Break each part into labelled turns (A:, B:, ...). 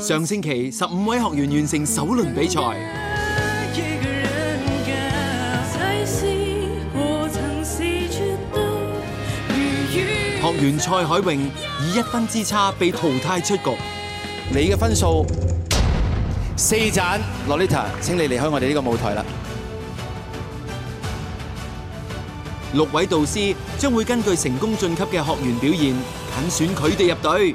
A: 上
B: 星期十五位學員完成首輪比賽，學員蔡海榮以一分之差被淘汰出局你的。你嘅分數四盞 Lolita，請你離開我哋呢個舞台啦。六位導師將會根據成功晉級嘅學員表現，揀選佢哋入隊。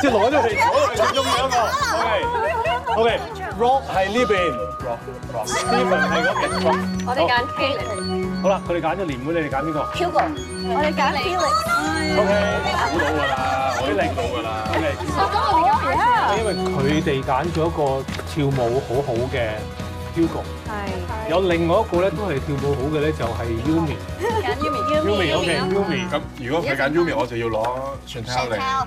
C: 即攞咗佢，攞咗佢最中意嗰個。O K，Rock 係
D: 呢邊，Steven 係嗰邊。我哋揀幾？好啦，佢哋揀咗年會，你哋揀邊個？Hugo，
E: 我哋揀 Yumi。O K，估到㗎啦，我都
C: 領到㗎啦。O K。咁我有嘢。
D: 因為佢哋揀咗一個跳舞好好嘅 Hugo，係。有另外一個咧，都係跳舞好嘅咧，就係 Yumi。揀 Yumi，Yumi OK，
A: Yumi。
C: 咁如果佢揀 Yumi，我就要攞 Chantel 嚟。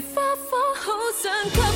E: 如花火，好想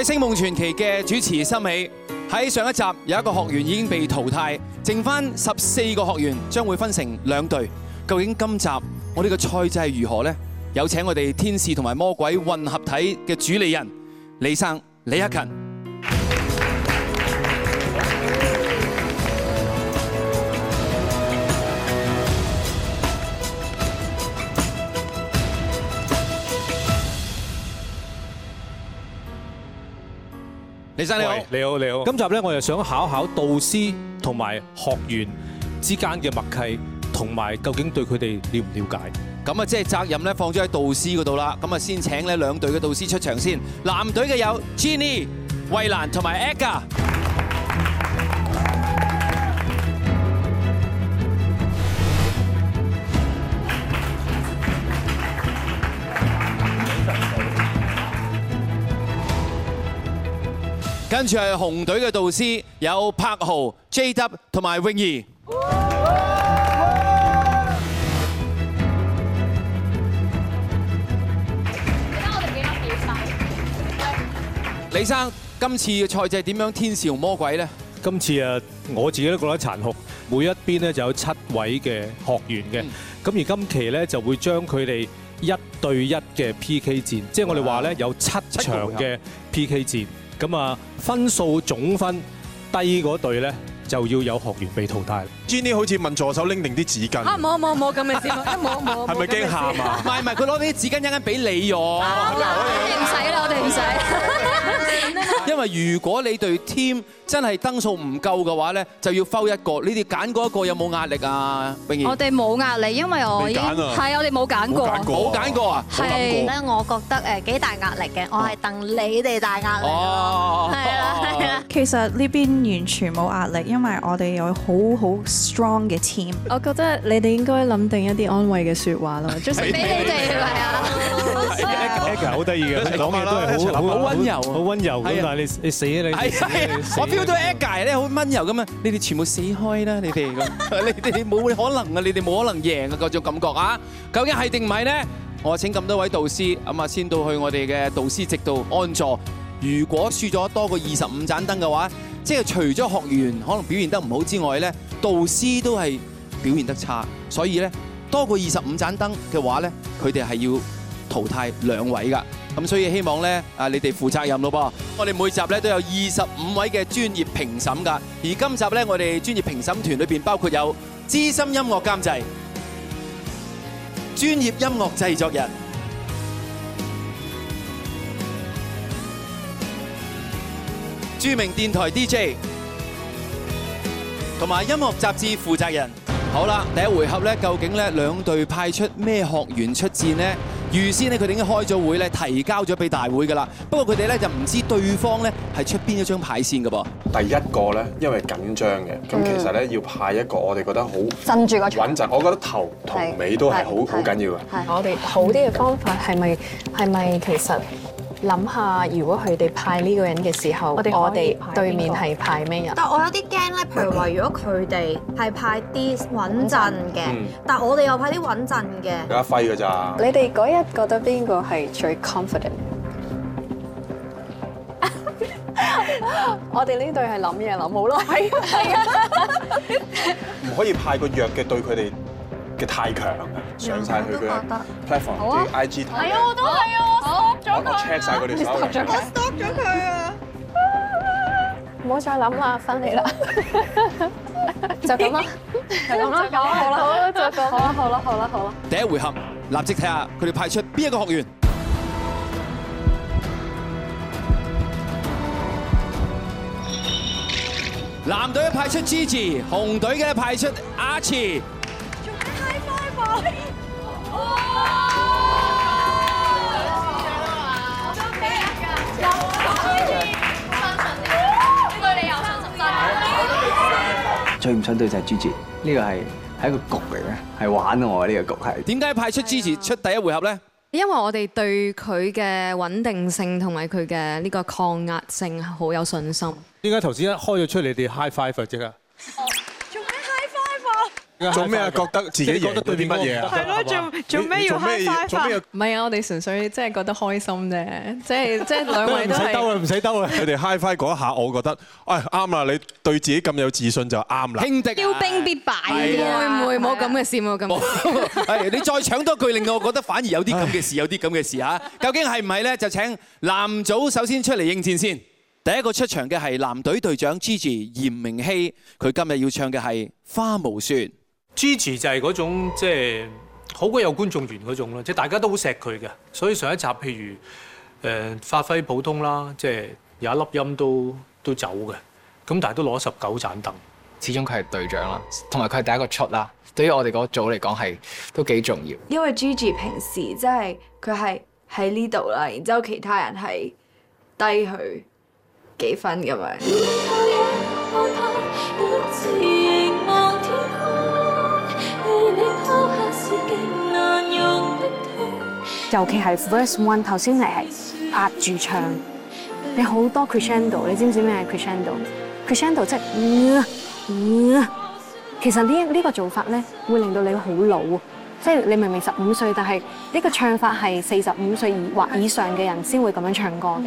B: 《星夢傳奇》嘅主持森美，喺上一集有一個學員已經被淘汰，剩翻十四個學員將會分成兩隊。究竟今集我呢個賽制係如何呢？有請我哋天使同埋魔鬼混合體嘅主理人李生李克勤。
D: 李生你好，你好你好。你好你好，今集咧，我又想考考導師同埋學員之間嘅默契，同埋究竟對佢哋了唔了解？
B: 咁啊，即係責任咧，放咗喺導師嗰度啦。咁啊，先請呢兩隊嘅導師出場先。藍隊嘅有 Gin、衛蘭同埋 AGA。跟住係紅隊嘅導師有柏豪、JW 同埋泳兒。李生，今次嘅賽制點樣？天使同魔鬼呢？
D: 今次啊，我自己都覺得殘酷。每一邊呢就有七位嘅學員嘅。咁而今期呢，就會將佢哋一對一嘅 PK 戰，即係我哋話呢，有七場嘅 PK 戰。咁啊，分數總分低嗰
C: 隊咧就要有學員被淘汰。Jenny 好似問助手拎定啲紙巾。
F: 啊，冇冇冇咁嘅事，冇冇。
C: 係咪驚喊啊？唔係唔係，佢攞啲紙巾一陣間俾你用。我
E: 哋唔
G: 使啦，我哋唔使。
B: 因為如果你隊 team，真係燈數唔夠嘅話咧，就要揀一個。你哋揀嗰一個有冇壓力啊，泳兒？我
G: 哋冇壓力，因
F: 為我已經係我哋冇揀過，冇揀過
B: 啊！係咧，
F: 我覺得誒幾大壓力嘅，我係戥你哋大壓力咯。係啦，係啦。
G: 其實呢邊完全
F: 冇壓力，因為我哋有好好 strong 嘅 team。我覺得你哋應該諗定一啲安慰嘅說話咯，祝賀俾
H: 你
A: 哋係啊！好得意嘅，講嘢
F: 都係
D: 好好溫柔，好溫柔。但係你你死啦你！feel 到 AGA
B: 咧，好温柔咁啊！你哋全部死開啦！你哋，你哋冇可能啊！你哋冇可能贏啊！嗰種感覺啊！究竟係定唔係呢？我請咁多位導師，咁啊先到去我哋嘅導師席度安坐。如果輸咗多過二十五盞燈嘅話，即係除咗學員可能表現得唔好之外咧，導師都係表現得差。所以咧，多過二十五盞燈嘅話咧，佢哋係要淘汰兩位噶。咁所以希望咧，啊，你哋負責任咯噃！我哋每集咧都有二十五位嘅專業評審噶，而今集咧，我哋專業評審團裏邊包括有資深音樂監製、專業音樂製作人、著名電台 DJ，同埋音樂雜誌負責人。好啦，第一回合咧，究竟咧兩隊派出咩學員出戰呢？預先咧，佢哋已經開咗會咧，提交咗俾大會嘅啦。不過佢哋咧就唔知對方咧係出邊一張牌先嘅噃。第一個咧，因
C: 為緊張嘅，咁、嗯、其實咧要派一個我哋覺得好
G: 鎮
F: 住
B: 個穩
C: 陣。我覺得頭同尾都係好好緊要嘅。
F: 我哋好啲嘅方法係咪係咪其實？諗下，如果佢哋派呢個人嘅時候我，我哋對面係派咩人？但係我有啲驚咧，譬如話，如果佢哋係派啲穩陣嘅，嗯、但係我哋又派啲穩陣嘅。
C: 而家揮㗎咋？
F: 你哋嗰日覺得邊個係最 confident？ 我哋呢對係諗嘢諗好耐，係啊！
C: 唔 可以派個弱嘅對佢哋。嘅太強，上晒佢嘅 platform
E: 啲 IG 圖，我都係啊！我 check 晒
C: 佢哋手，我 lock
F: 咗佢啊！唔好再諗啦，翻嚟啦，就咁啦，就咁啦，好啦，好啦，好啦，好啦，好啦，
B: 第一回合立即睇下佢哋派出邊一個學員。藍隊派出 Gigi，-Gi，紅隊嘅派出阿慈。
I: 最唔想對就係 Gigi，呢個係係一個局嚟嘅，係玩我
B: 呢個局係。點解派出 Gigi 出第一回合咧？
F: 因為我哋對佢嘅穩定性同埋佢嘅呢個抗壓性好有信心。
B: 點解
D: 頭先一開咗出你哋 high five 嗰隻啊？做咩啊？覺得自己覺得對住乜嘢啊？係
E: 咯，做做咩要
F: high five？唔係啊，我哋純粹即係覺得開心啫，即係即係兩位都。唔使兜啊！唔使
C: 兜啊！佢哋 high five 嗰一下，我覺得，哎，啱啦！你對自己咁有自信就啱啦。兄弟。驕兵必敗，會唔
B: 會冇咁嘅事冇咁。係你再搶多句，令到我覺得反而有啲咁嘅事，有啲咁嘅事嚇。究竟係唔係咧？就請藍組首先出嚟應戰先。第一個出場嘅係藍隊隊長 Gigi 炎明熹，佢今日要唱嘅係《花無雪》。Gigi 就係嗰種即係
D: 好鬼有觀眾緣嗰種咯，即係大家都好錫佢嘅，所以上一集譬如誒、呃、發揮普通啦，即係有一粒音都都走嘅，咁但係都攞十九
J: 盞燈，始終佢係隊長啦，同埋佢係第一個出啦，對於我哋嗰組嚟講係
I: 都幾重要。
F: 因為 Gigi 平時即係佢係喺呢度啦，然之後其他人係低佢幾分咁
E: 樣。
F: 尤其係 verse one 頭先你係壓住唱，你好多 crescendo，你知唔知咩係 crescendo？crescendo 即係，其實呢呢、呢個做法咧，會令到你好老，即係你明明十五歲，但係呢個唱法係四十五歲或以上嘅人先會咁樣
E: 唱歌嘅。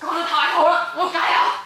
G: 講得太好
K: 啦，
A: 我解啊！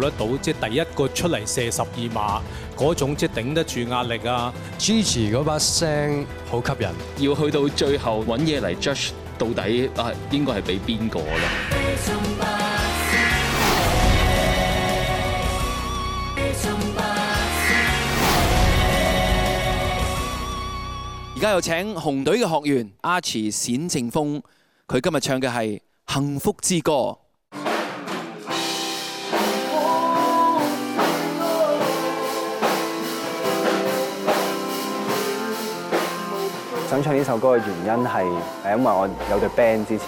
D: 做得到，即係第一個出嚟射十二碼嗰種，即係頂得住壓力啊！Gigi 嗰
B: 把聲好吸引，要去到最後搵嘢嚟 judge 到底啊，應該係俾邊個啦？而家有請紅隊嘅學員阿遲冼靖峰，佢今日唱嘅係《幸福之歌》。
I: 想唱呢首歌嘅原因係因為我有隊 band 之前，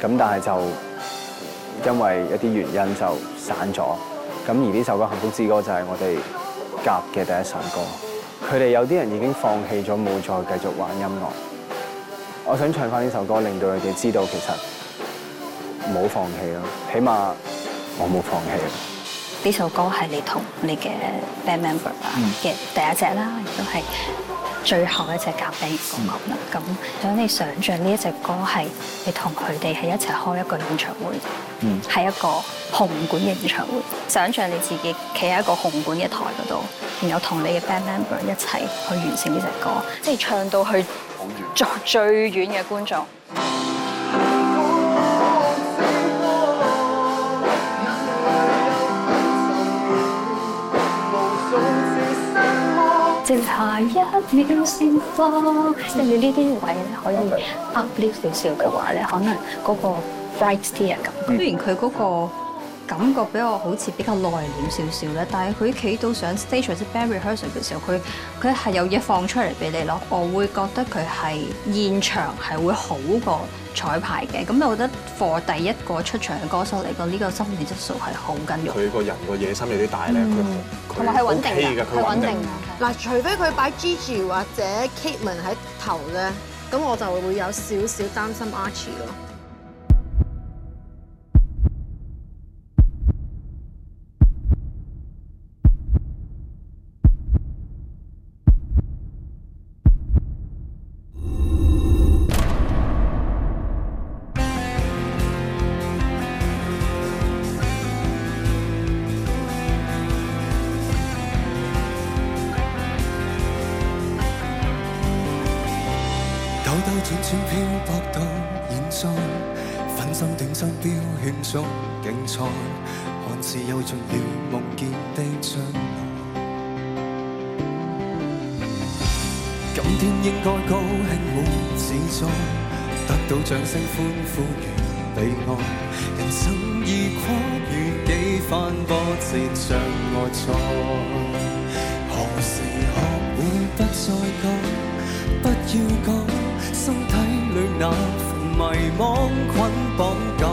I: 咁但係就因為一啲原因就散咗，咁而呢首歌《幸福之歌》就係我哋夾嘅第一首歌。佢哋有啲人已經放棄咗，冇再繼續玩音樂。我想唱翻呢首歌，令到佢哋知道，其實冇放棄咯。起碼我冇放棄。呢首
G: 歌係你同你嘅 band member 嘅第一隻啦，亦都係，最後一隻《夾 band 歌曲》啦，咁想你想象呢一隻歌係你同佢哋係一齊開一個演唱會，係一個紅館嘅演唱會。想象你自己企喺一個紅館嘅台嗰度，然後同你嘅 band member 一齊去完成呢隻歌，即係唱到去最最遠嘅觀眾。下一秒盛放，跟住呢啲位咧可以 uplift 少少嘅話咧，可能嗰個 bright side 咁。雖然佢嗰、嗰個。感覺比我好似比較內斂少少咧，但係佢企到上 stage 或者 preparation 嘅時候佢，佢佢係有嘢放出嚟俾你咯。我會覺得佢係現場係會好過彩排嘅。咁我覺得 for 第一個出場嘅歌手嚟講，呢個心理質素係好緊要。佢
C: 個人個野心有啲大咧，佢佢好穩定嘅。佢穩定
G: 嘅。嗱，除非佢擺 Gigi 或者
F: Kitman 喺頭咧，咁我就會有少少擔心 Archie 咯。
I: 到掌聲歡呼與被愛，人生已跨越幾番波折
A: 障礙，在何時學會不再講，不要講，身體裏那份迷茫捆綁。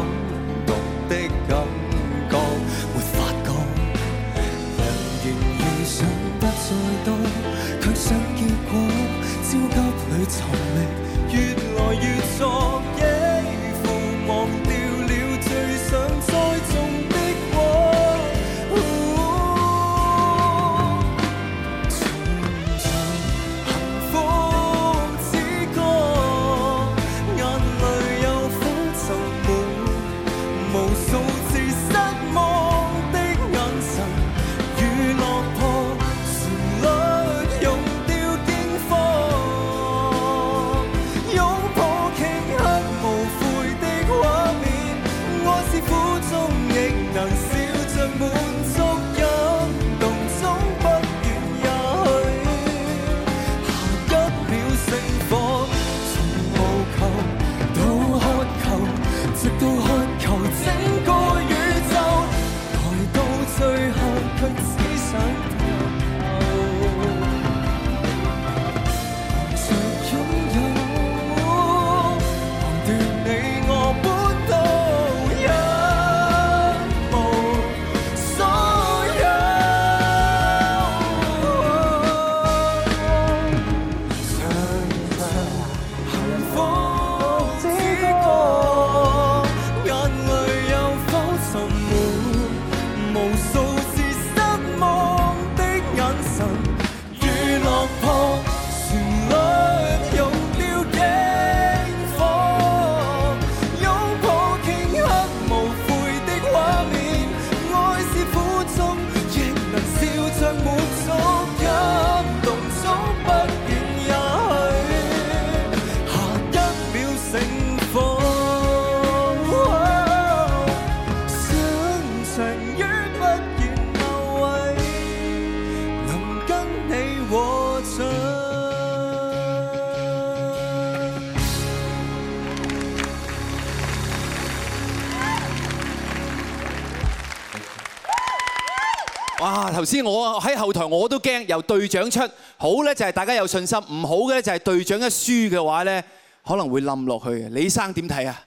B: 知我喺後台我都驚，由隊長出，好咧就係大家有信心，唔好嘅咧就係隊長一輸嘅話咧可能會冧落去嘅。李生點睇啊？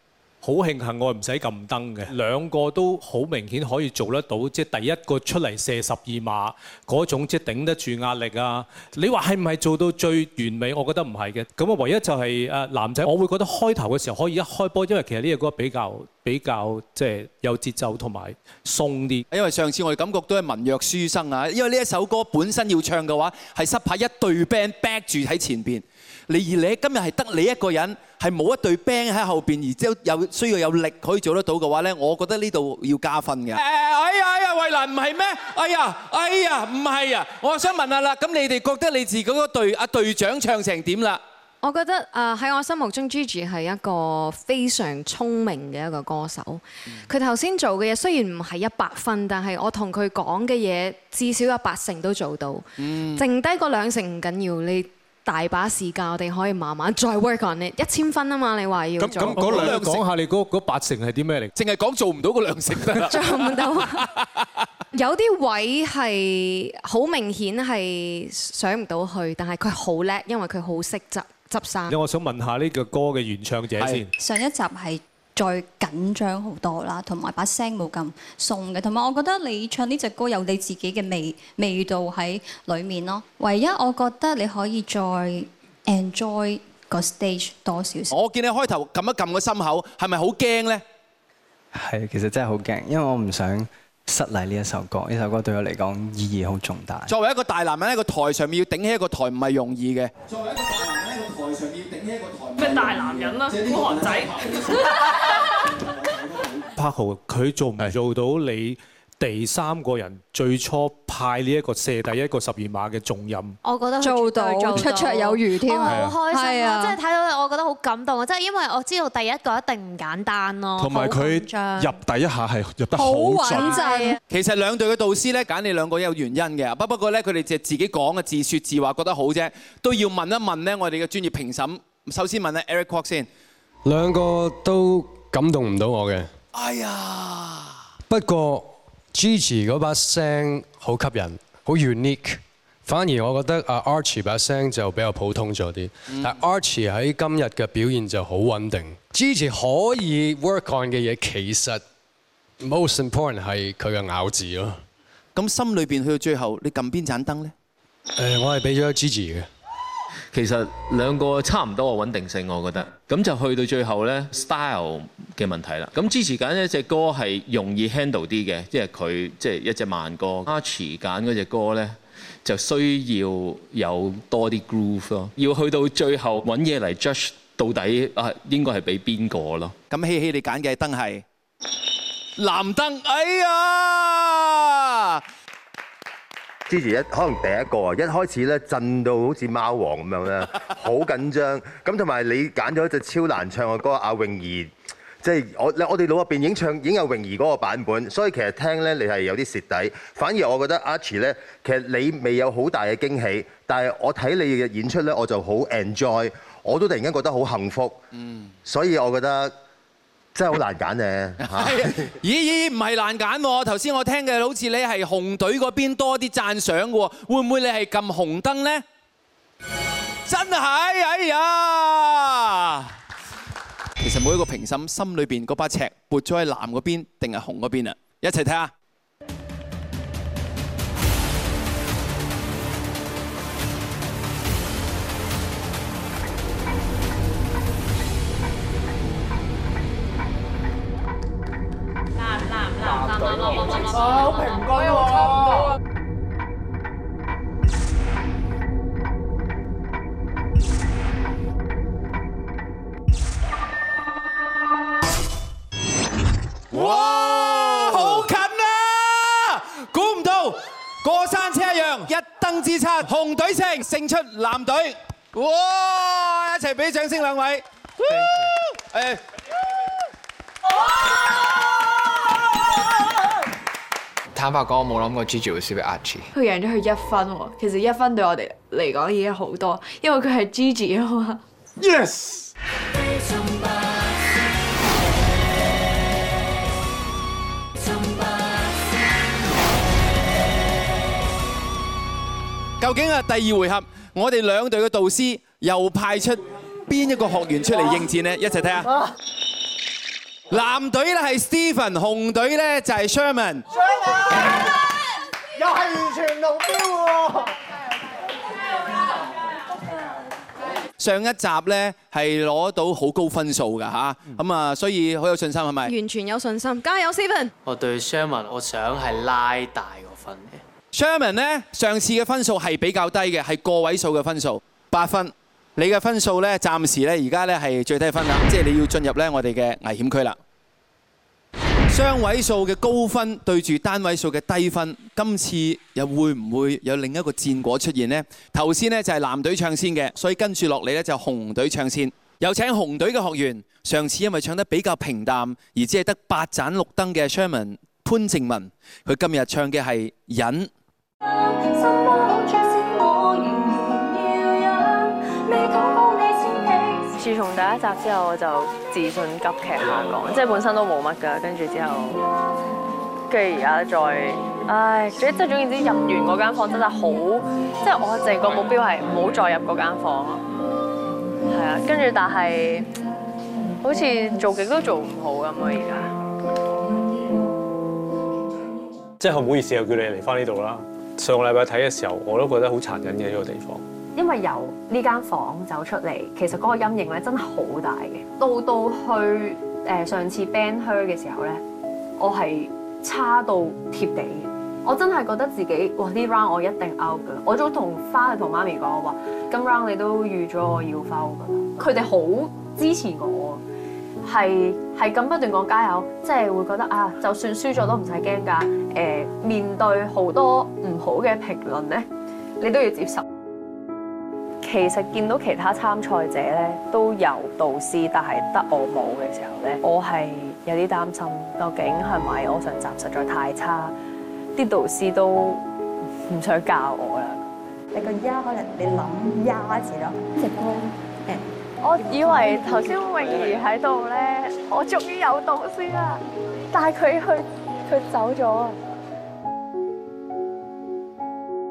B: 好
D: 慶幸我唔使撳燈嘅，兩個都好明顯可以做得到，即係第一個出嚟射十二碼嗰種，即係頂得住壓力啊！你話係唔係做到最完美？我覺得唔係嘅，咁啊唯一就係誒男仔，我會覺得開頭嘅時候可以一開波，因為其實呢首歌比
B: 較比較即係有節奏同埋鬆啲，因為上次我哋感覺都係文弱書生啊，因為呢一首歌本身要唱嘅話係失喺一隊 band back 住喺前邊。你而你今日係得你一個人，係冇一隊 band 喺後邊，而之後有需要有力可以做得到嘅話咧，我覺得呢度要加分嘅。哎呀哎呀，衞蘭唔係咩？哎呀哎呀，唔係啊！我想問下啦，咁你哋覺得你自己個隊阿隊長唱成點啦？
F: 我覺得啊，喺我心目中 Gigi 係一個非常聰明嘅一個歌手。佢頭先做嘅嘢雖然唔係一百分，但係我同佢講嘅嘢至少有八成都做到。剩低個兩成唔緊要你。大把時間，我哋可以慢慢再 work on 呢。一千分啊嘛，你話要咁咁嗰
D: 兩成，講下你嗰八成係啲咩嚟？淨係講做唔到個兩成得啦。做唔到，
F: 有啲位係好明顯係上唔到去，但係佢好叻，因為佢好
G: 識執執生。
F: 咁
D: 我想問下呢個歌嘅原唱者先。
G: 上一集係。再緊張好多啦，同埋把聲冇咁鬆嘅，同埋我覺得你唱呢隻歌有你自己嘅味味道喺裡面咯。唯一我覺得你可以再 enjoy 個 stage 多少
B: 少。我見你開頭撳一撳個心口，係咪好驚呢？
I: 係，其實真係好驚，因為我唔想失禮呢一首歌。呢首歌對我嚟講意義好重大。
B: 作為一個大男人，一個台上面要頂起一個台唔係容易嘅。作為一個大男人，一個台上面要頂起一個台。大
D: 男人啦，孤寒仔。柏豪佢做唔做到你第三個人最初派呢一個射第一個十二碼嘅重任？
G: 我覺得對做，到做，到做到綽綽有餘添，
D: 好
F: 開心啊！即係睇到，我覺得好感動啊！即係因為我知道第一個一定唔簡單咯，
B: 同埋佢入第一下係入得好準。其實兩隊嘅導師咧揀你兩個有原因嘅，不不過咧佢哋就係自己講嘅，自説自話覺得好啫，都要問一問咧，我哋嘅專業評審。首先問下 Eric Kwok 先，
L: 兩個都感動唔到我嘅。哎呀！不過 Gigi 嗰 -Gi 把聲好吸引，好 unique。反而我覺得阿 Archie 把聲就比較普通咗啲。但 Archie 喺今日嘅表現就好穩定 Gi。Gigi 可以 work on 嘅嘢，其實 most important 係佢嘅咬字咯。咁心裏邊去到最後，你撳邊盞燈咧？誒，我係俾咗 Gigi 嘅。其實
B: 兩個差唔多個穩定性，我覺得咁就去到最後呢 style 嘅問題啦。咁支持揀一隻歌係容易 handle 啲嘅，即係佢即係一隻慢歌。阿馳揀嗰隻歌呢就需要有多啲 groove 咯。要去到最後揾嘢嚟 judge 到底啊應該係俾邊個咯？咁希希你揀嘅燈係藍燈，哎呀！支持一可能第一個啊，一開始咧震，到好似貓王咁樣咧，好緊張，咁同埋你揀咗一隻超難唱嘅歌，阿泳兒，即係我我哋腦入邊影唱影有泳兒嗰個版本，所以其實聽咧你係有啲蝕底。反而我覺得阿馳咧，其實你未有好大嘅驚喜，但係我睇你嘅演出咧，我就好 enjoy，我都突然間覺得好幸福。嗯，所以我覺得。 真係好難揀嘅，嚇！咦咦，唔係難揀喎，頭先我聽嘅好似你係紅隊嗰邊多啲讚賞喎，會唔會你係撳紅燈呢？真係哎呀！其實每一個評審心裏面嗰把尺撥咗喺藍嗰邊定係紅嗰邊啊！一齊睇下。
A: 啊！好平
B: 分喎。哇！好近啊！估唔到過山車一樣，一燈之差，紅隊勝勝出藍隊。哇！一齊俾啲掌聲兩位。誒！
J: 坦白講，我冇諗過 Gigi 會輸俾阿 G。
F: 佢贏咗佢一分喎，其實一分對我哋嚟講已經好多，因為佢係 Gigi
E: 啊嘛。Yes。
B: 究竟啊，第二回合我哋兩隊嘅導師又派出邊一個學員出嚟應戰呢？一齊睇下。啊藍隊咧係 Stephen，紅隊咧就係 Sherman。
H: Sherman 又係完全同標喎。
B: 上一集咧係攞到好高分數㗎吓，咁啊所以好有信心係咪？
F: 完全有信心，加油 Stephen。
J: 我對 Sherman，我想係拉大個分
B: 嘅。Sherman 咧上次嘅分數係比較低嘅，係個位數嘅分數，八分。你嘅分數咧，暫時咧，而家咧係最低分啦，即係你要進入咧我哋嘅危險區啦。雙位數嘅高分對住單位數嘅低分，今次又會唔會有另一個戰果出現呢？頭先呢，就係藍隊唱先嘅，所以跟住落嚟咧就紅隊唱先。有請紅隊嘅學員，上次因為唱得比較平淡而只係得八盞綠燈嘅 Sherman 潘靜文，佢今日唱嘅係《忍》。
F: 自從第一集之後，我就自信急劇下降，即係本身都冇乜噶，跟住之後，跟住而家再，唉，最即係總言之，入完嗰間房真係好，即係我淨個目標係唔好再入嗰間房咯，係啊，跟住但係，好似做極都做唔好
D: 咁啊而家，即係好唔好意思又叫你嚟翻呢度啦。上個禮拜睇嘅時候，我都覺得好殘忍嘅呢個地方。
F: 因為由呢間房走出嚟，其實嗰個陰影咧，真係好大嘅。到到去誒上次 band hair 嘅時候咧，我係差到貼地。我真係覺得自己哇，呢 round 我一定 out 噶啦。我仲同花同媽咪講話，咁 round 你都預咗我要 fail 噶啦。佢哋好支持我，係係咁不斷講加油，即係會覺得啊，就算輸咗都唔使驚㗎。誒面對好多唔好嘅評論咧，你都要接受。其實見到其他參賽者咧都有導師，但係得我冇嘅時候咧，我係有啲擔心，究竟係咪我上集實在太差，啲導師都唔想教我啦？
G: 你個丫可能你諗丫字咯，即係，
F: 我以為頭先泳兒喺度咧，我終於有導師啦，但係佢去。佢走咗啊！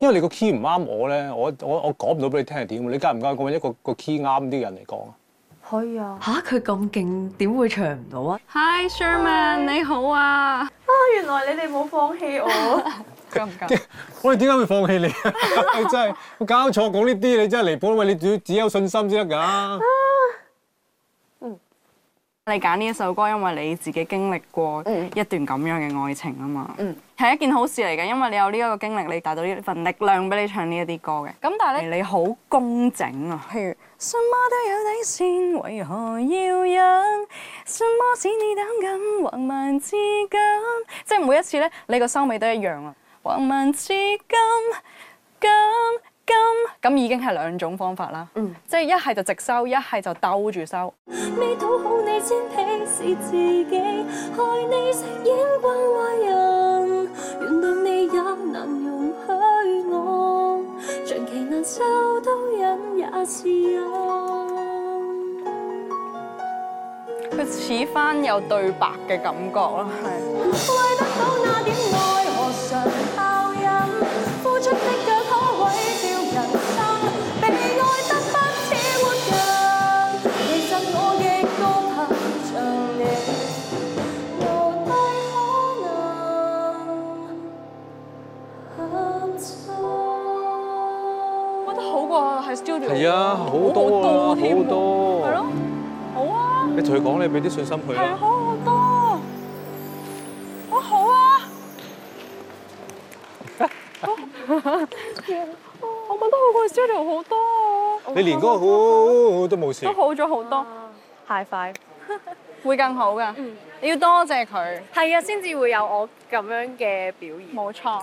D: 因為你個 key 唔啱我咧，我我我講唔到俾你聽係點。你加唔加個一個一個 key 啱啲人嚟講啊？
F: 可以啊。吓，佢咁勁，點會唱唔到啊？Hi，Sherman，Hi 你好啊。啊、哦，原來你哋冇放棄我。
D: 加唔加？ 我哋點解會放棄你啊 真的？ 你真係搞錯講呢啲，你真係離譜。喂你，要只有信心先得㗎。
F: 你揀呢一首歌，因為你自己經歷過一段咁樣嘅愛情啊嘛，係、嗯、一件好事嚟嘅，因為你有呢一個經歷，你帶到呢份力量俾你唱這些呢一啲歌嘅。咁但係咧，你好工整啊，譬如
E: 什麼都有底線，為何要忍？什麼使你膽敢
F: 橫蠻至今？即係每一次咧，你個收尾都一樣啊，橫蠻至今，今。咁咁已經係兩種方法啦，嗯，即係一係就直收，
E: 一係就兜住收。佢似
F: 返有對白嘅感覺。
E: 係啊，好多啦，好多。係咯，好啊。你同佢講，你俾啲信心佢啊。好好多，我好啊。 我覺得好過 studio 好多、
D: 啊、你連嗰個好都冇事。都好
F: 咗好多，太、啊、快，會更好噶。 你要多謝佢，係啊，先至會有我咁樣嘅表現。冇錯。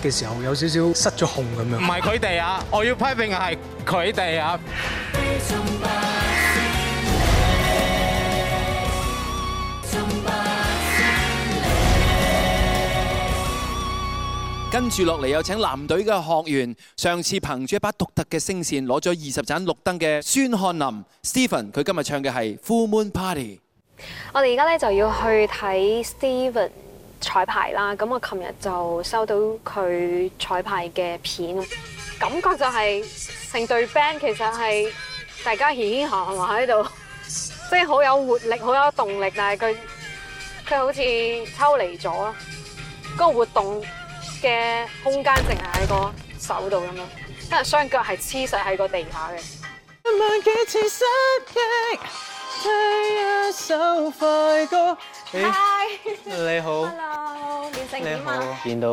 I: 嘅時候有少少失咗控咁樣，唔係佢
H: 哋啊，我要批評係佢哋啊。
B: 跟住落嚟有請藍隊嘅學員，上次憑住一把獨特嘅聲線攞咗二十盞綠燈嘅孫漢霖 Stephen，佢今日唱嘅係《Full Moon
L: Party》。
F: 我哋而家咧就要去睇 Stephen 彩排啦，咁我琴日就收到佢彩排嘅片，感覺就係、是、成隊 band 其實係大家嘻嘻哈哈喺度，即係好有活力、好有動力，但係佢佢好似抽離咗，個活動嘅空間淨係喺個手度咁樣，因為雙腳係黐實喺個地下嘅。次失
A: 一首快歌。
F: 嗨，你好。你好，
J: 見到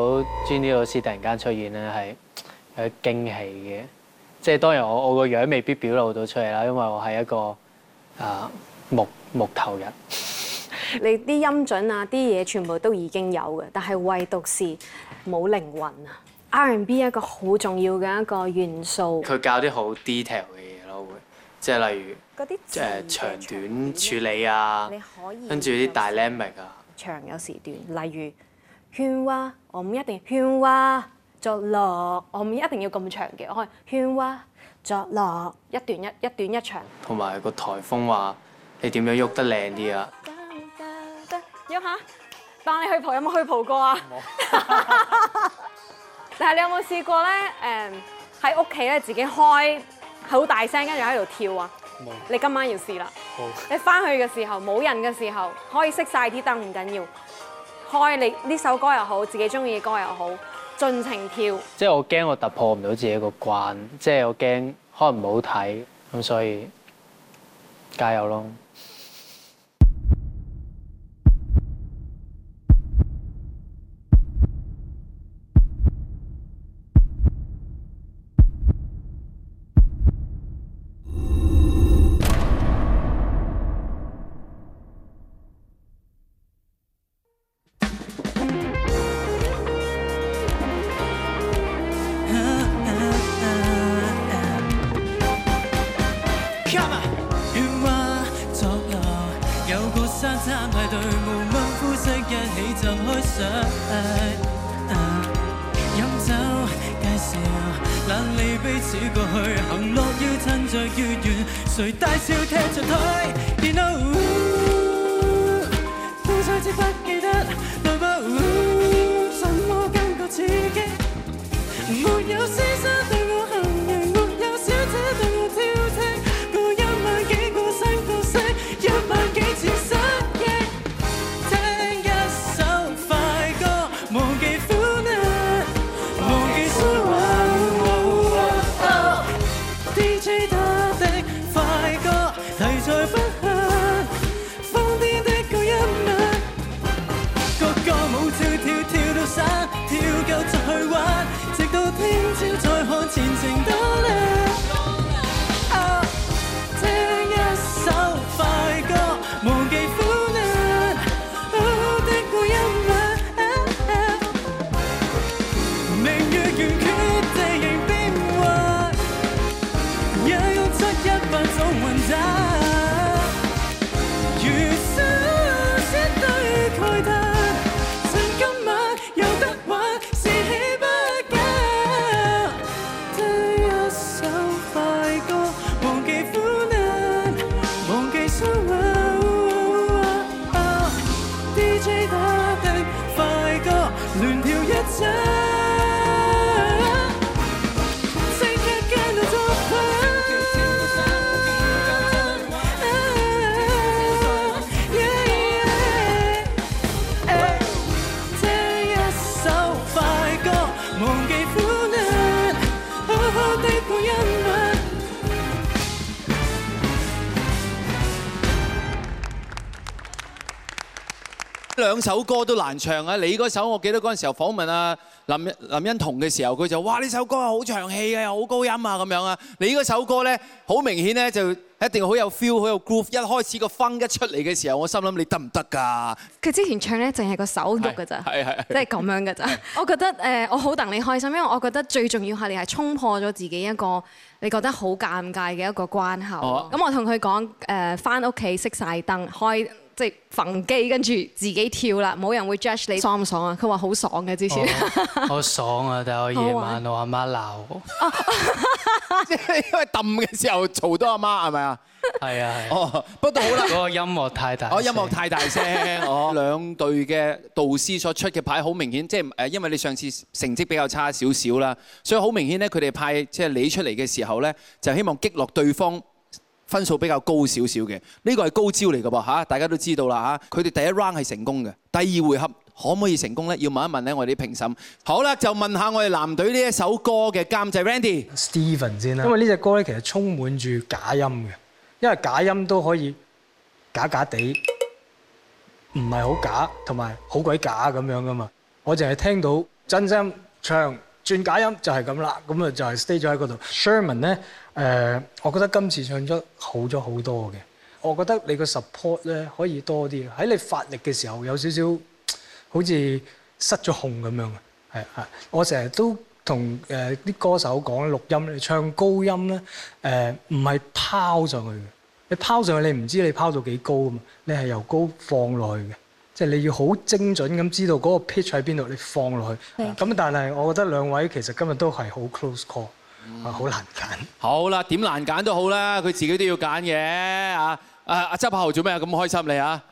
J: Gin Lee 老師突然間出現咧，係有啲驚喜嘅。即係當然我我個樣未必表露到出嚟啦，因為我係一個啊木木頭人。
F: 你啲音準啊，啲嘢全部都已經有嘅，但係唯獨是冇靈魂啊。R&B 係一個好重要嘅一個元素。佢
J: 教啲好 detail 嘅嘢咯，會即係例如。嗰啲誒長短處理啊，你可以跟住啲 dynamic 啊，
F: 長有時短，例如喧話，我唔一定喧話作樂，我唔一定要咁長嘅，我係喧話作樂一段一一段一長，
J: 同埋個台風話你點樣喐得靚啲啊？
F: 喐下，當你去蒲，有冇去蒲過啊？ 但係你有冇試過咧？誒喺屋企咧，自己開好大聲，跟住喺度跳啊！你今晚要試啦，你翻去嘅時候冇人嘅時候，的時候可以熄晒啲燈唔緊要，開你呢首歌又好，自己中意嘅歌又好，盡情跳。
J: 即係我驚我突破唔到自己個關，即係我驚可能唔好睇，咁所以加油咯。
A: 沙灘派對，無問膚色，一起就開心。飲酒、介紹，爛泥彼此過去，行樂要趁在月圓。誰大笑踢着腿 You know，痛才知不記得。No，怎麼感覺刺激？沒有。
B: 首歌都難唱啊！你嗰首我記得嗰陣時候訪問啊林林欣彤嘅時候，佢就哇呢首歌啊好長氣啊，又好高音啊咁樣啊！你嗰首歌咧，好明顯咧就一定好有 feel、好有 g r o o v 一開始個 f 一出嚟嘅時候，我心諗你得唔得㗎？
F: 佢之前唱咧，淨係個手喐嘅咋，即係咁樣嘅咋。我覺得誒，我好等你開心，因為我覺得最重要係你係衝破咗自己一個你覺得好尷尬嘅一個關口。咁我同佢講誒，翻屋企熄晒燈，開。即係焚機跟住自己跳啦，冇人會 judge 你爽唔爽啊？佢話好爽
B: 嘅之前，
J: 好爽啊！但係我夜晚我阿媽鬧
B: 我，因為揼嘅時候嘈到阿媽係咪啊？係啊！哦，不過好啦，嗰個音樂太大，哦音樂太大聲哦。兩隊嘅導師所出嘅牌好明顯，即係誒，因為你上次成績比較差少少啦，所以好明顯咧，佢哋派即係你出嚟嘅時候咧，就希望擊落對方。.分數比較高少少嘅，呢個係高招嚟噶噃嚇，大家都知道啦嚇。佢哋第一 round 係成功嘅，第二回合可唔可以成功咧？要問一問咧，我哋啲評審。好啦，就問下我哋藍隊呢一首歌嘅監製 Randy、
I: Stephen 先啦。因為呢隻歌咧其實充滿住假音嘅，因為假音都可以假假地唔係好假，同埋好鬼假咁樣噶嘛。我淨係聽到真心唱。轉假音就係咁啦，咁啊就係 stay 咗喺嗰度。Sherman 咧，誒，我覺得今次唱出好咗好多嘅。我覺得你個 support 咧可以多啲，喺你發力嘅時候有少少好似失咗控咁樣。係啊，我成日都同誒啲歌手講錄音咧，你唱高音咧，誒唔係拋上去嘅，你拋上去你唔知你拋到幾高啊嘛，你係由高放落去嘅。即係你要好精準咁知道嗰個 pitch 喺邊度，你放落去。咁但係我覺得兩位其實今日都係好 close call，啊好難揀。
B: 好啦，點難揀都好啦，佢自己都要揀嘅啊！啊啊周柏豪做咩啊？咁開
C: 心你啊？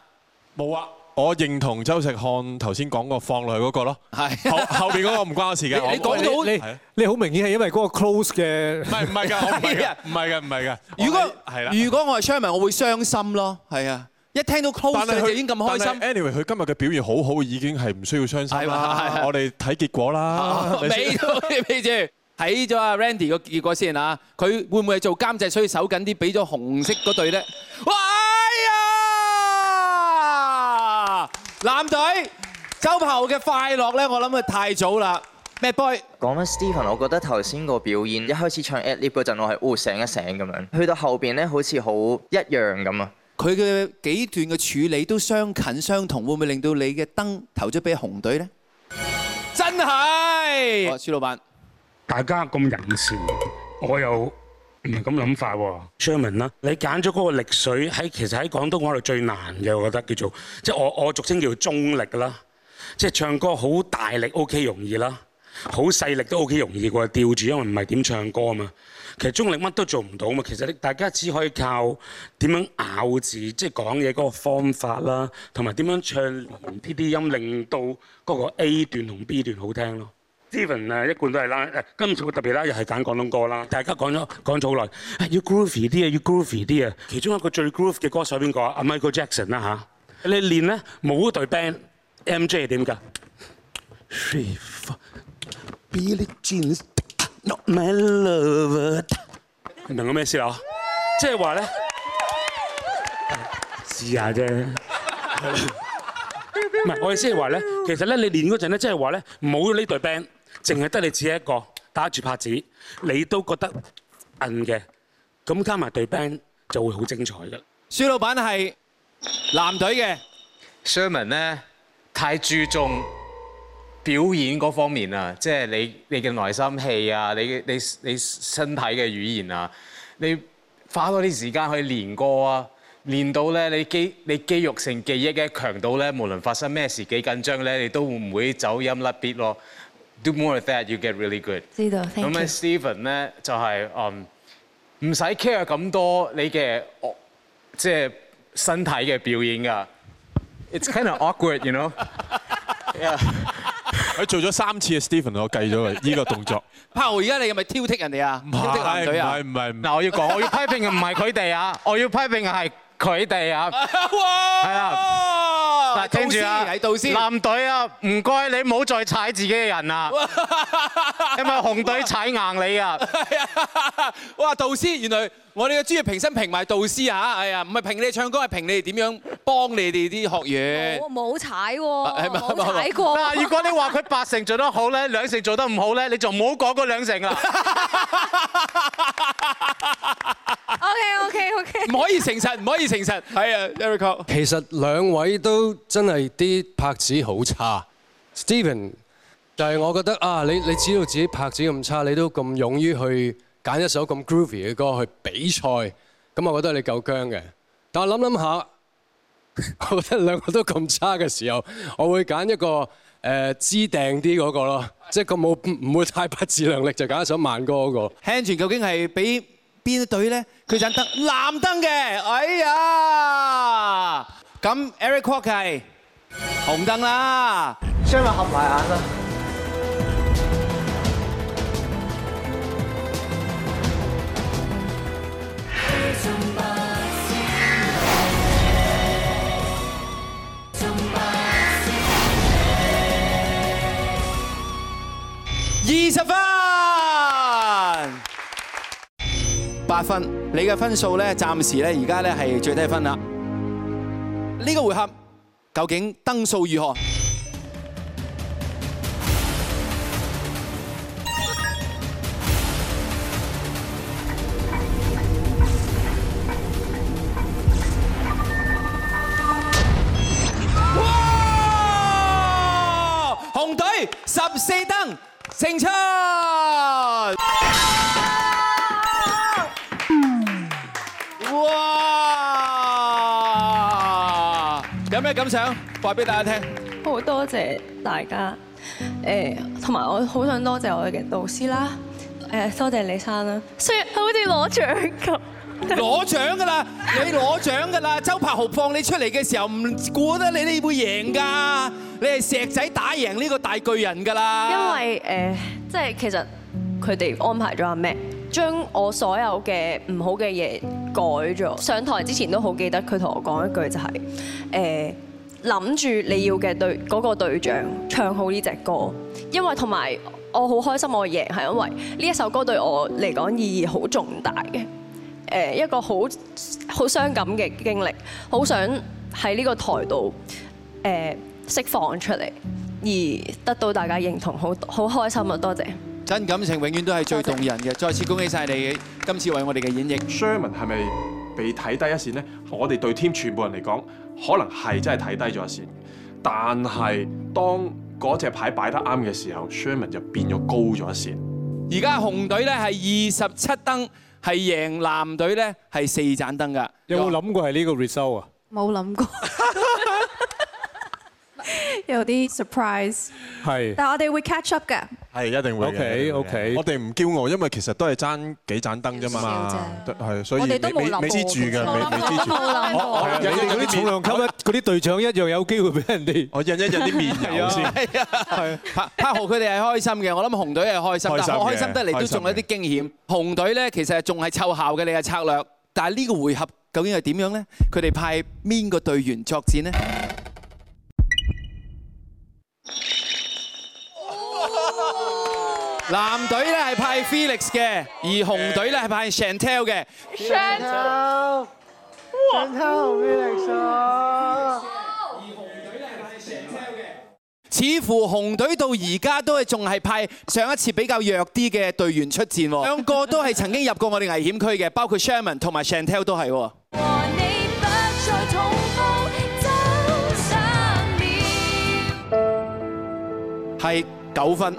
C: 冇啊！我認同周石漢頭先講個放落去嗰個咯。係。後後邊嗰個唔關我事嘅。你講到你你好明顯係因為嗰個 close 嘅。唔係唔係㗎，唔係㗎，唔係㗎。如果係啦。如
B: 果我係 Charmian，我會傷心咯，
C: 係啊。一聽到 close 就已經咁開心。但係佢，Anyway，佢今日嘅表現好好，已經係唔需要傷心。係我哋睇結果啦。咪
B: 住，咪住，睇咗阿 Randy 個結果先啊！佢會唔會係做監製，所以守緊啲，俾咗紅色嗰隊咧？喂呀！藍隊周柏豪嘅快樂咧，我諗佢太早啦。咩 boy？
I: 講翻 Stephen，我覺得頭先
B: 個表演一開始唱 ad-lib 嗰陣，我係哦醒一醒咁樣。去到後面咧，好似好一樣咁啊。佢嘅幾段嘅處理都相近相同，會唔會令到你嘅燈投咗俾紅隊咧？
M: 真係！哇，舒老闆，大家咁人事，我又唔係咁諗法喎。Sherman 啦，你揀咗嗰個力水喺其實喺廣東話嚟最難嘅，我覺得叫做即係我我俗稱叫做中力啦，即係唱歌好大力 OK 容易啦，好細力都 OK 容易過吊住，因為唔係點唱歌啊嘛。其實中力乜都做唔到嘛，其實大家只可以靠點樣咬字，即係講嘢嗰個方法啦，同埋點樣唱連呢啲音，令到嗰個 A 段同 B 段好聽咯。Steven 誒一貫都係啦，誒今次特別啦，又係揀廣東歌啦。大家講咗講咗好耐，要 groovy 啲啊，要 groovy 啲啊。其中一個最 groovy 嘅歌手係邊個？阿 Michael Jackson 啦吓、啊，你練咧冇隊 band，MJ 係點㗎？Shave Billie Jean。明白我咩意思？即係話咧，試下啫。唔係，我意思係話咧，其實咧，你練嗰陣咧，即係話咧，冇呢對 band，淨係得你自己一個打住拍子，你都覺得硬嘅。咁加埋對 band 就會好精彩㗎。孫老闆係
H: 藍隊嘅。Sherman 咧太注重。表演嗰方面啊，即係你你嘅內心戲啊，你嘅你你身體嘅語言啊，你花多啲時間去練歌啊，練到咧你肌你肌肉性記憶嘅強度咧，無論發生咩事幾緊張咧，你都唔會，會走音甩別咯。Do more that, you get really good。知道，thank you。咁啊，Stephen 咧就係誒唔使 care 咁多你嘅即係身體嘅表
C: 演㗎。It's kind of awkward, you know。 佢做咗三次嘅 Stephen，我計咗佢呢個動作。
B: Paul，而家你係咪挑剔人哋啊？唔挑剔係，啊？
C: 係唔係？
H: 嗱， 我要講，我要批評嘅唔係佢哋啊，我要批評嘅係佢哋啊。係啦。聽住啊，啦，藍隊啊，唔該你唔好再踩
B: 自己嘅人啊！因為紅隊踩硬你啊！我話導師，原來我哋嘅專業評審評埋導師啊！哎呀，唔係評你唱歌，係評你哋點樣幫你哋啲學員。
F: 我冇踩喎，冇踩過。嗱，如果
H: 你話佢八成做得好咧，兩成做得唔好咧，你就唔好講嗰兩成啊。
B: OK OK OK，唔可以誠實，唔可以誠實。
L: 係啊，Erico，其實兩位都。真係啲拍子好差，Stephen，但係我覺得啊，你你知道自己拍子咁差，你都咁勇於去揀一首咁 groovy 嘅歌去比賽，咁我覺得你夠薑嘅。但係諗諗下，我覺得兩個都咁差嘅時候，我會揀一個誒資、呃、定啲嗰、嗰個咯，即係咁冇唔會太不自量力就揀一首慢歌嗰個。Hanson 究竟係比邊隊咧？佢盞得藍燈嘅，哎呀！
B: 咁 Eric Kwok 係紅燈啦，將佢合埋眼啦。二十分，八分，你嘅分數咧，暫時咧，而家咧係最低分啦。呢個回合究竟燈數如何？哇！紅隊十四燈勝出。今想話俾大家聽，好多
F: 謝大家。誒，同埋我好想多謝我嘅導師啦。誒，多謝李生啦。
B: 雖然好似攞獎咁，攞獎㗎啦！你攞獎㗎啦！周柏豪放你出嚟嘅時候唔估得你你會贏㗎。你係石仔打贏呢個大巨人㗎啦。因
F: 為誒，即係其實佢哋安排咗阿咩，將我所有嘅唔好嘅嘢改咗。上台之前都好記得佢同我講一句就係、是、誒。嗯嗯諗住你要嘅對嗰個對象唱好呢隻歌，因為同埋我好開心我贏，係因為呢一首歌對我嚟講意義好重大嘅，誒一個好好傷感嘅經歷，好想喺呢個台度誒釋放出嚟，而得到大家認同，好好開心啊！多謝，謝。
C: 真感情永遠都係最動人嘅，再次恭喜晒你，今次為我哋嘅演繹。Sherman 係咪被睇低一線呢？我哋對 Team 全部人嚟講。可能係真係睇低咗一線，但係當嗰隻牌擺得啱嘅時候，Sherman 就變咗高咗一線。而家紅隊咧係二十七燈，
B: 係贏藍隊咧係四盞燈㗎。有冇諗過係呢個 result 啊？
F: 冇諗過。
G: 有啲 surprise，但係我哋會 catch up 㗎。
C: 係一定會嘅。O K O K，我哋唔驕傲，因為其實都係爭幾盞燈啫嘛。係，所以我哋都未知住。知我冇諗過。嗰啲重量級
D: 嗰啲隊長一樣有機會俾人哋。我印一印啲面油
B: 先。柏豪佢哋係開心嘅，我諗紅隊係開心，開心，但我開心得嚟都仲有啲驚險。紅隊咧其實仲係奏效嘅你嘅策略，但係呢個回合究竟係點樣咧？佢哋派邊個隊員作戰呢？藍隊咧係派 Felix 嘅，而紅隊咧係派 Chantel 嘅。
A: Chantel，Chantel，Felix，而紅隊咧係派 Chantel 嘅。
B: 似乎紅隊到而家都係仲係派上一次比較弱啲嘅隊員出戰。兩個都係曾經入過我哋危險區嘅，包括 Sherman 同埋 Chantel 都係。係九
C: 分。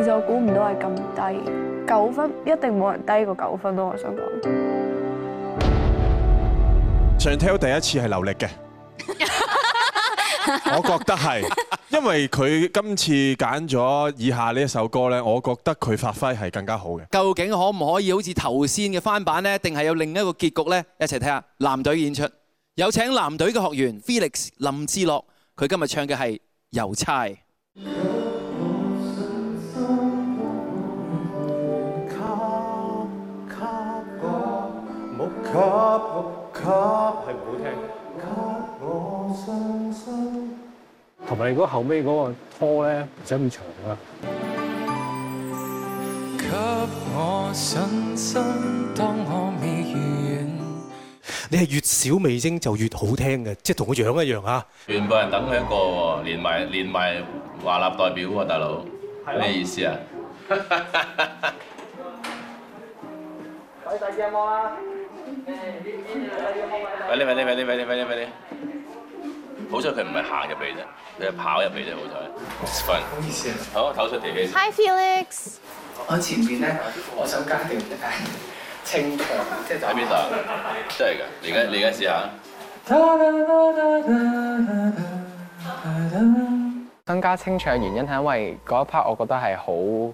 F: 其實我估唔到係咁低，九分一定冇人低過九分咯。我想講
C: 上 h a 第一次係流力嘅，我覺得係，因為佢今次揀咗以下呢一首歌咧，我覺得佢發揮係更加好嘅。究竟可唔可以好似頭
B: 先嘅翻版呢？定係有另一個結局呢？一齊睇下男隊演出，有請男隊嘅學員 Felix 林志樂，佢今日唱嘅係郵差。
D: 給給係唔好聽，同埋你講後屘個拖咧，唔使咁長啊？
K: 給我信心，當我未
D: 如願。你係越少味精就越好聽嘅，即係同個樣一樣吓。全部人等佢一個喎，連埋連埋華納代表啊。大佬，係咩意思啊？ 喂，你，二你，冇啊？喂，喂，喂，喂，喂，喂，好彩佢唔係行入嚟啫，佢係跑入嚟啫，好彩。好，唔好意思啊。
B: 好，我唞出地氣。Hi Felix，我前面咧，我想加定誒清唱，即係就喺邊
I: 度？真係㗎，你而家
J: 你而家試下。增加清唱原因係因為嗰一 part 我覺得係好，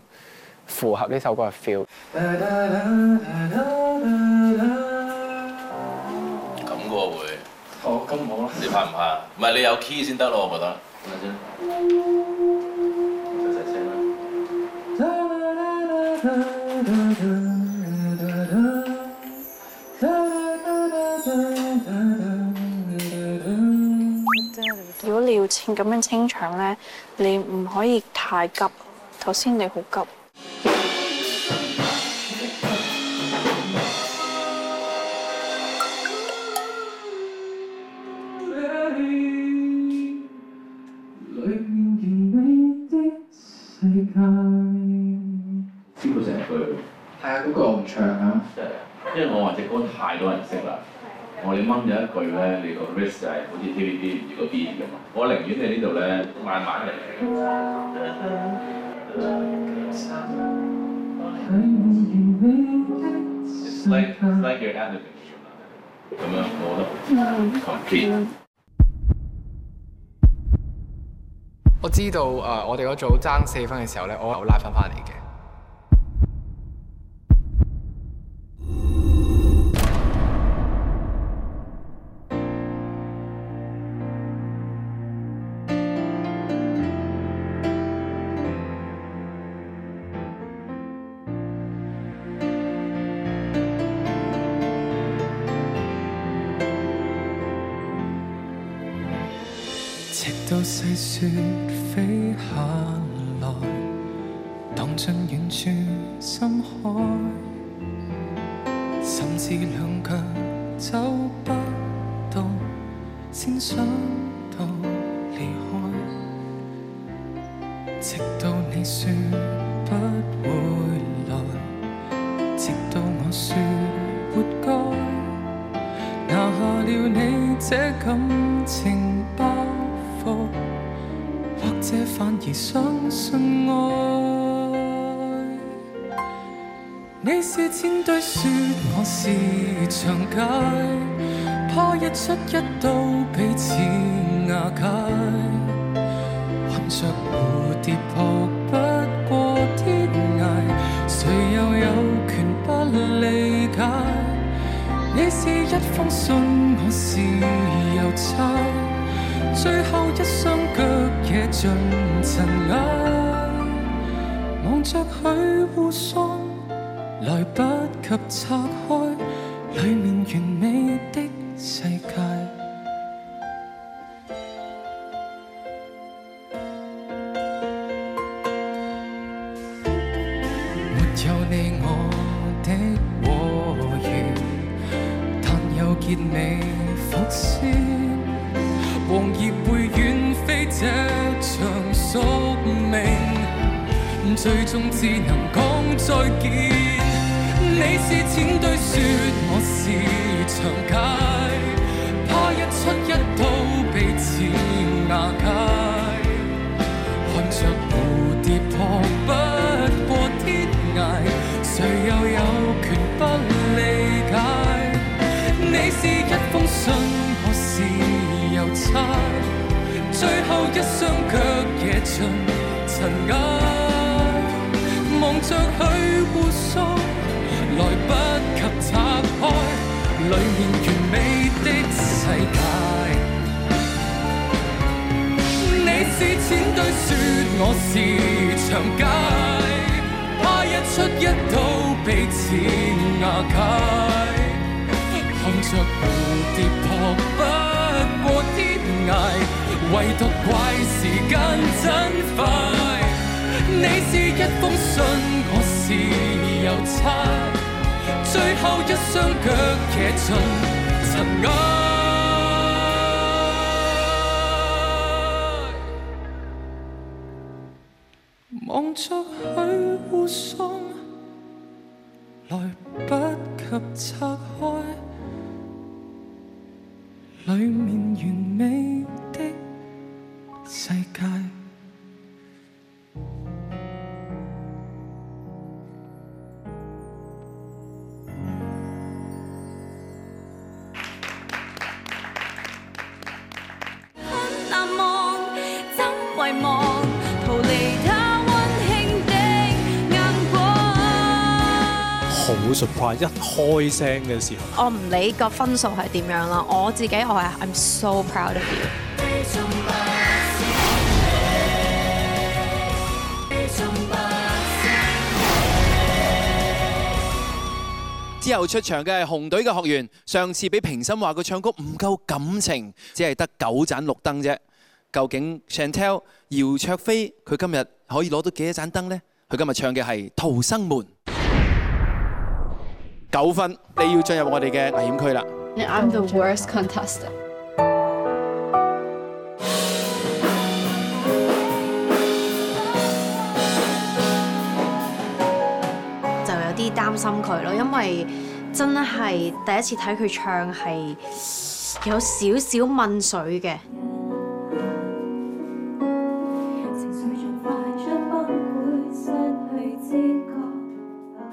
J: 符合呢首歌嘅
K: feel。
H: 咁個會，哦咁好啦。你怕唔怕？唔 係，你有 key 先得咯，我覺得。睇
A: 下
G: 先。再細聲啦。如果你要清咁樣清唱呢，你唔可以太急。頭先你好急。
H: 啊、因
D: 為我話隻歌太
K: 多人識啦。我哋掹咗一句咧，你個 verse 就
J: 係好似 TVB 唔知個 B
A: 咁我寧願喺呢度咧慢慢嚟。咁、 like, like、樣我都 complete
J: 我知道誒，我哋嗰組爭四分嘅時候咧，我有拉分翻嚟嘅。
K: 這感情包袱，或者反而相信愛。你是千堆雪，我是長街，怕日出一到，彼此瓦解，看着蝴蝶撲。你是一封信，我是郵差，最後一雙腳惹盡塵埃，忙著去護送，來不及拆開，裏面完美。着蝴蝶破不過天涯，唯獨怪時間真快。你是一封信，我是郵差，最後一雙腳惹盡塵埃。忙着去護送，
A: 來不
K: 及拆。
D: 話一開聲嘅時候，
F: 我唔理個分數係點樣啦，我自己我係 I'm so proud
E: of
A: you。
B: 之後出場嘅係紅隊嘅學員，上次俾評審話佢唱歌唔夠感情，只係得九盞綠燈啫。究竟 Chantelle 姚焯菲佢今日可以攞到幾多盞燈呢？佢今日唱嘅係《逃生門》。九分，你要進入我哋嘅危險區啦。
F: I'm the worst contestant， 就有啲擔心佢咯，因為真係第一次睇佢唱，係有少少抿水嘅。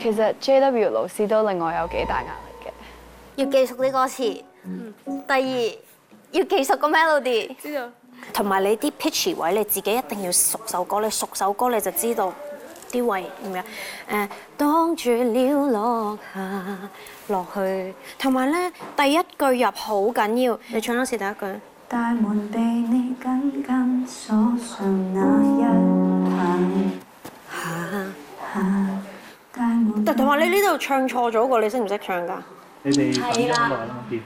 F: 其實 JW 老師都另外有幾大壓力嘅，
G: 要記熟啲歌詞，第二要記熟個 melody，知道，知道，
F: 同埋你啲 pitch 位你自己一定要熟首歌，你熟首歌你就知道啲位點樣。誒，當住了落下落去，同埋咧第一句入好緊要，你唱多次第一句。
E: 大門被你緊緊鎖上那一
G: 同埋你呢度唱錯咗個，你識唔識唱㗎？你哋？係啦，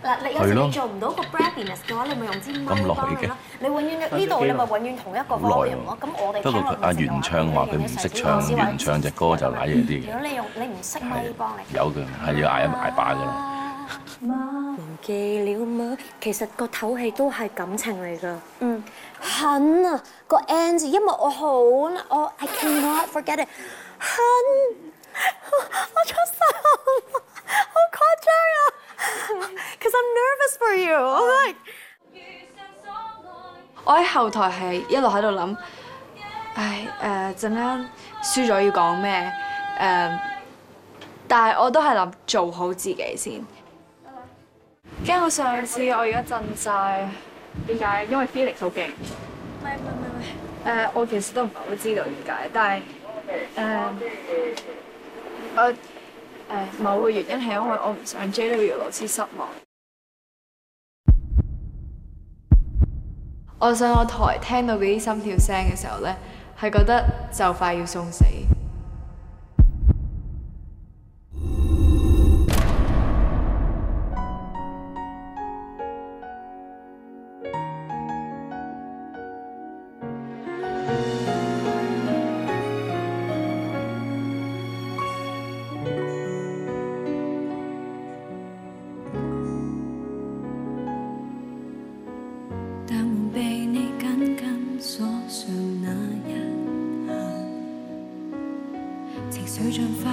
G: 嗱，
C: 你
F: 你做唔到個 braviness 嘅話，你咪用支麥幫你
N: 嘅。咁落去嘅。你永遠一呢度，
F: 你咪永遠同一個內容咯。咁我哋幾耐冇見到？
C: 不過阿原唱話佢唔識唱，原唱隻歌就瀨嘢啲。如果你用你唔
E: 識，我
C: 會幫你。有嘅，係要捱一捱把嘅啦。
E: 忘記了嗎？其實個唞氣都係
F: 感情嚟㗎。嗯，恨個 ends 因為我好，我 I
E: cannot forget it，恨。我出手好誇張啊！Oh God, because I'm nervous for you.、Oh. Like... you
F: so、 我喺後台係一路喺度諗，唉誒、uh，陣間輸咗要講咩誒？但係我都係諗做好自己先。驚、okay. 我上次我而家震晒，點解？因為 Felix 好勁。唔係唔係唔係誒，我其實都唔係好知道點解，但係誒。我誒某個原因係因為我唔想 Jade 要老師失望。我上個台聽到嗰啲心跳聲嘅時候咧，係覺得就快要送死。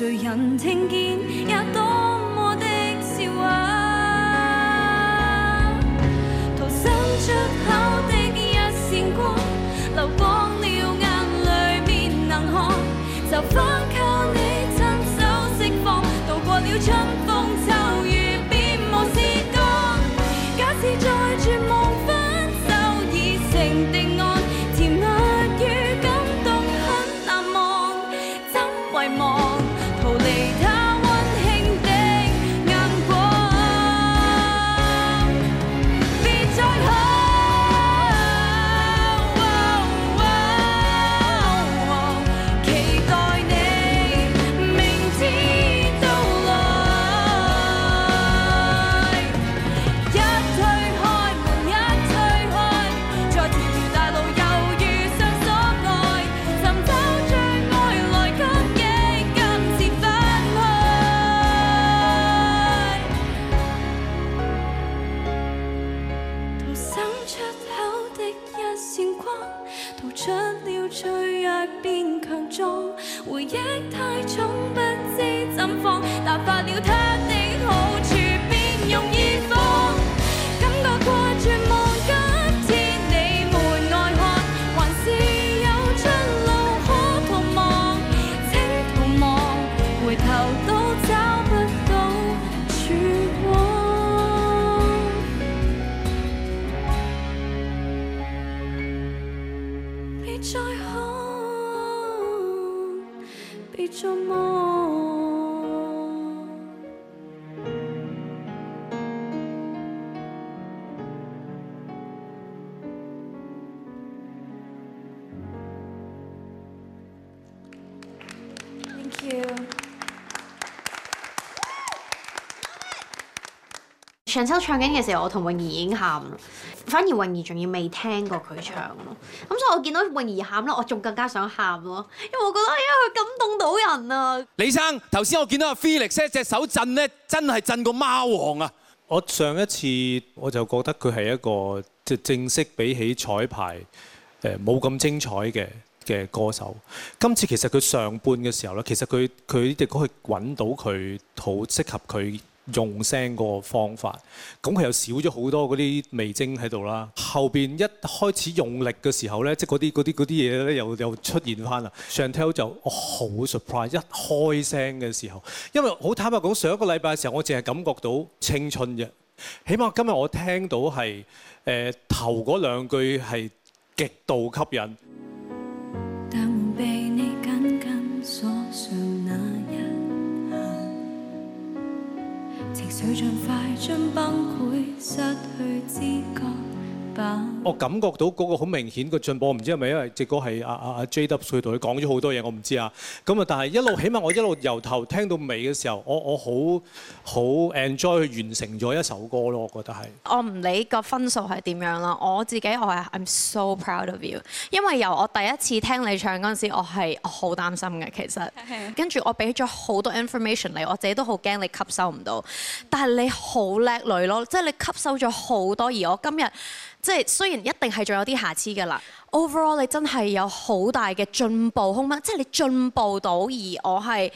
E: 誰人聽見也
F: 上週唱緊嘅時候，我同泳兒已經喊，反而泳兒仲要未聽過佢唱，咁所以我見到泳兒喊啦，我仲更加想喊咯，因為我覺得哎呀，佢感動到
E: 人啊！
B: 李生，頭先我見到阿 Felix 一隻手震咧，真係震過貓王
D: 啊！我上一次我就覺得佢係一個即正式比起彩排誒冇咁精彩嘅嘅歌手，今次其實佢上半嘅時候咧，其實佢佢啲歌可以揾到佢好適合佢。用聲個方法，咁佢又少咗好多嗰啲味精喺度啦。後邊一開始用力嘅時候呢，即係嗰啲嗰啲嗰啲嘢呢，又又出現翻啦。Chantel 就好 surprise，一開聲嘅時候，因為好坦白講，上一個禮拜嘅時候，我淨係感覺到青春啫。起碼今日我聽到係誒頭嗰兩句係極度吸引。
E: 就像快將崩潰，失去知覺。
D: 我感覺到嗰個好明顯嘅進步，我不，我唔知係咪因為隻歌係阿阿阿 JW 同佢講咗好多嘢，我唔知啊。咁啊，但係一路起碼我一路由頭聽到尾嘅時候，我我好好 enjoy 去完成咗一首歌咯，我覺得係。
F: 我唔理個分數係點樣啦，我自己我係 I'm so proud of you，因為由我第一次聽你唱嗰陣時，我係好擔心嘅其實。跟住我俾咗好多 information 你，我自己都好驚你吸收唔到，但係你好叻女咯，即係你吸收咗好多，而我今日。即係雖然一定係仲有啲瑕疵㗎啦，overall 你真係有好大嘅進步空間，即係你進步到而我係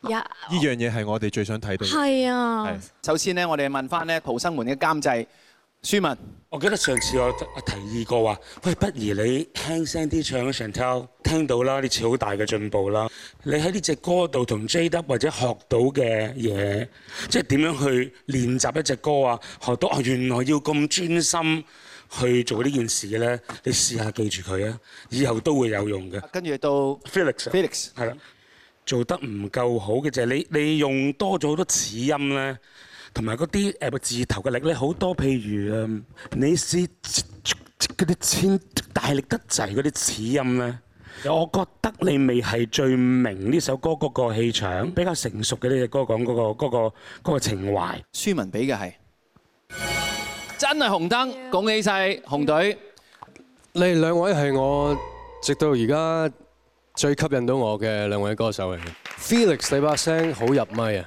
C: 呢樣嘢係我哋最想睇到。係啊，首先
M: 咧，我哋問翻咧逃生門嘅監製。舒文，我記得上次我提議過話，喂，不如你輕聲啲唱一聲聽，Chantel，聽到啦，呢次好大嘅進步啦。你喺呢隻歌度同 JW 或者學到嘅嘢，即係點樣去練習一隻歌啊？學到原來要咁專心去做呢件事咧，你試下記住佢啊，以後都會有用嘅。跟住到 Felix，Felix 係 Felix 啦，做得唔夠好嘅就係你，你用多咗好多齒音咧。同埋嗰啲誒字頭嘅力咧，好多。譬如啊，你試嗰啲千大力得滯嗰啲齒音咧，我覺得你未係最明呢首歌嗰個氣場，比較成熟嘅呢隻歌講嗰個嗰個情懷。舒文俾嘅係
B: 真係紅燈，恭喜晒紅隊。
L: 你哋兩位係我直到而家最吸引到我嘅兩位歌手嚟嘅。Felix，你把聲好入咪啊，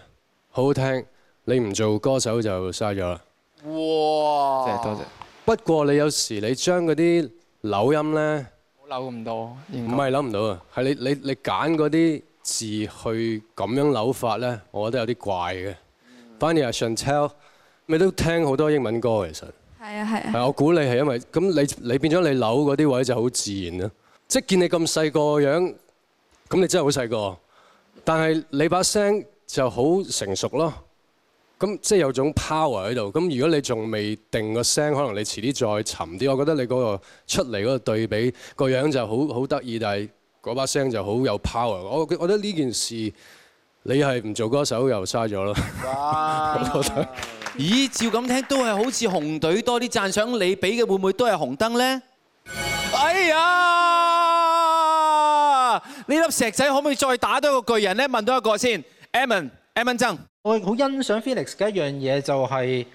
L: 好好聽。你唔做歌手就嘥咗
B: 啦！哇，
L: 多謝。不過你有時你將嗰啲扭音咧，扭咁多唔係扭唔到啊，係你你你揀嗰啲字去咁樣扭法咧，我覺得有啲怪嘅。反而阿 Chantel，你都聽好多英文歌，其實係啊係啊，我估你係因為咁你你變咗你扭嗰啲位就好自然啊。即係見你咁細個樣，咁你真係好細個，但係你把聲就好成熟咯。咁即係有種 power 喺度。咁如果你仲未定個聲，可能你遲啲再沉啲。我覺得你嗰個出嚟嗰個對比個樣就好好得意，但係嗰把聲就好有 power。我覺得呢件事你係唔做歌手又嘥咗啦。
B: 哇！咦？照咁聽都係好似紅隊多啲讚賞你俾嘅，會唔會都係紅燈咧？哎呀！呢粒石仔可唔可以再打多個巨人咧？問多一個先，Emon，Emon 曾。我好欣賞 Felix 嘅一樣嘢
N: 就係、是，誒、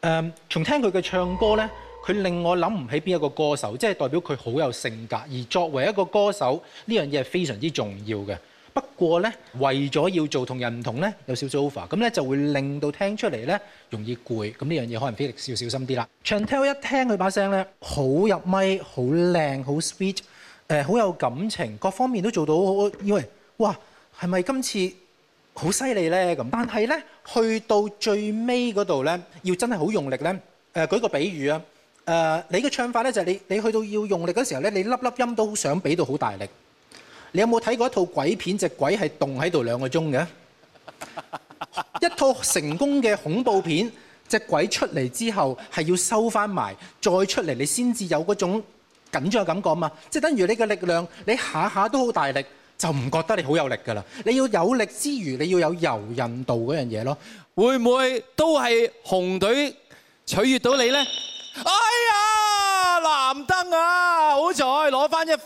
N: 嗯，從聽佢嘅唱歌咧，佢令我諗唔起邊一個歌手，即係代表佢好有性格。而作為一個歌手，呢樣嘢係非常之重要嘅。不過咧，為咗要做同人唔同咧，有少少 over，咁咧就會令到聽出嚟咧容易攰。咁呢樣嘢可能 Felix 要小心啲啦。Chantel 一聽佢把聲咧，好入咪，好靚，好 sweet，誒，好有感情，各方面都做到好。喂，哇，係咪今次？好犀利咧咁，但係咧去到最尾嗰度咧，要真係好用力咧。誒、呃，舉個比喻啊、呃，你嘅唱法咧就係你，你去到要用力嗰時候咧，你粒粒音都想俾到好大力。你有冇睇過一套鬼片？隻鬼係動喺度兩個鐘嘅。 一套成功嘅恐怖片，隻鬼出嚟之後係要收返埋，再出嚟你先至有嗰種緊張嘅感覺啊嘛。即、就、係、是、等於你嘅力量，你下下都好大力。就唔覺得你好有力㗎啦！你要有力之餘，你要有柔韌度樣嘢咯。會唔會都係紅隊取悅到你咧？
B: 哎呀！藍燈啊！好彩攞翻一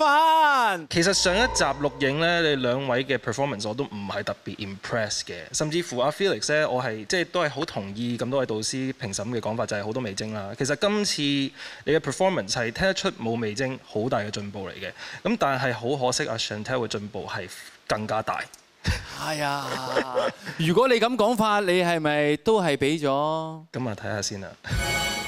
B: 分。
N: 其實上一集錄影呢，你兩位嘅 performance 我都唔係特別 impress 嘅，甚至乎阿 Felix 呢，我係即係都係好同意咁多位導師評審嘅講法，就係好多味精啦。其實今次你嘅 performance 係聽得出冇味精，好大嘅進步嚟嘅。咁但係好可惜，阿 Chantel 嘅進步係更加大。
B: 係啊！如果你咁講法，你係咪都係俾咗？咁啊，睇下先啦。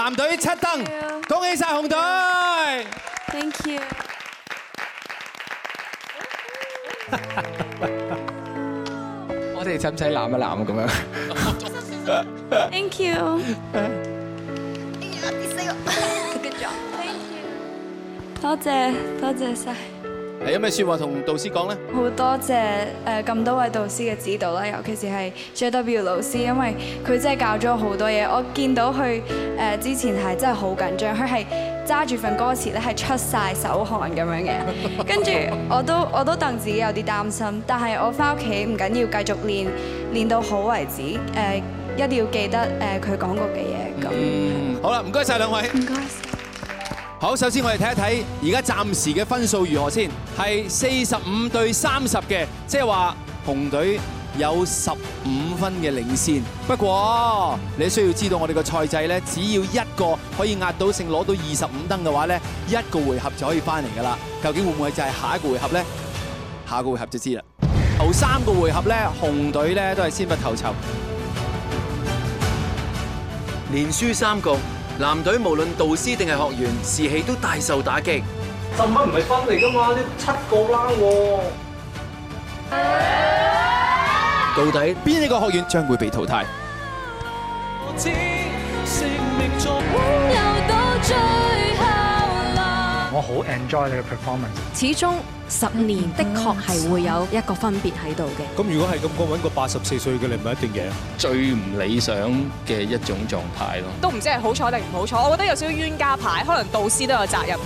B: 藍隊七燈，恭喜曬紅隊。Thank you。
I: 我哋使唔使攬一攬咁樣
E: ？Thank you。多謝多謝曬。
B: 係有咩説話同導師講咧？
F: 好多謝誒咁多位導師嘅指導啦，尤其是係 JW 老師，因為佢真係教咗好多嘢。我見到佢誒之前係真係好緊張，佢係揸住份歌詞咧係出晒手汗咁樣嘅，跟住我都我都戥自己有啲擔心。但係我係我翻屋企唔緊要，繼續練練到好為止誒，一定要記得誒佢講過嘅嘢。
B: 咁好啦，唔該晒兩位。唔該。好，首先我哋睇一睇而家暫時嘅分數如何先，係四十五對三十嘅，即係話紅隊有十五分嘅領先。不過你需要知道我哋個賽制呢，只要一個可以壓倒性攞到二十五燈嘅話呢，一個回合就可以翻嚟㗎啦。究竟會唔會就係下一個回合呢？下一個回合就知啦。頭三個回合呢，紅隊呢都係先不求籌，連輸三局。藍隊無論導師定係學員士氣都大受打擊，十分唔係分嚟噶
N: 嘛，呢七個啦。
B: 到底邊一個學員將會被淘汰？
F: 我
N: 好 enjoy 你嘅 performance。
F: 始終十年的確係會有一個分別喺度嘅。
D: 咁如果係咁講，揾個八十四歲嘅你唔一定贏，最唔
B: 理想嘅一種狀態咯。
F: 都唔知係好彩定唔好彩，我覺得有少少冤家牌，可能導師都有責任。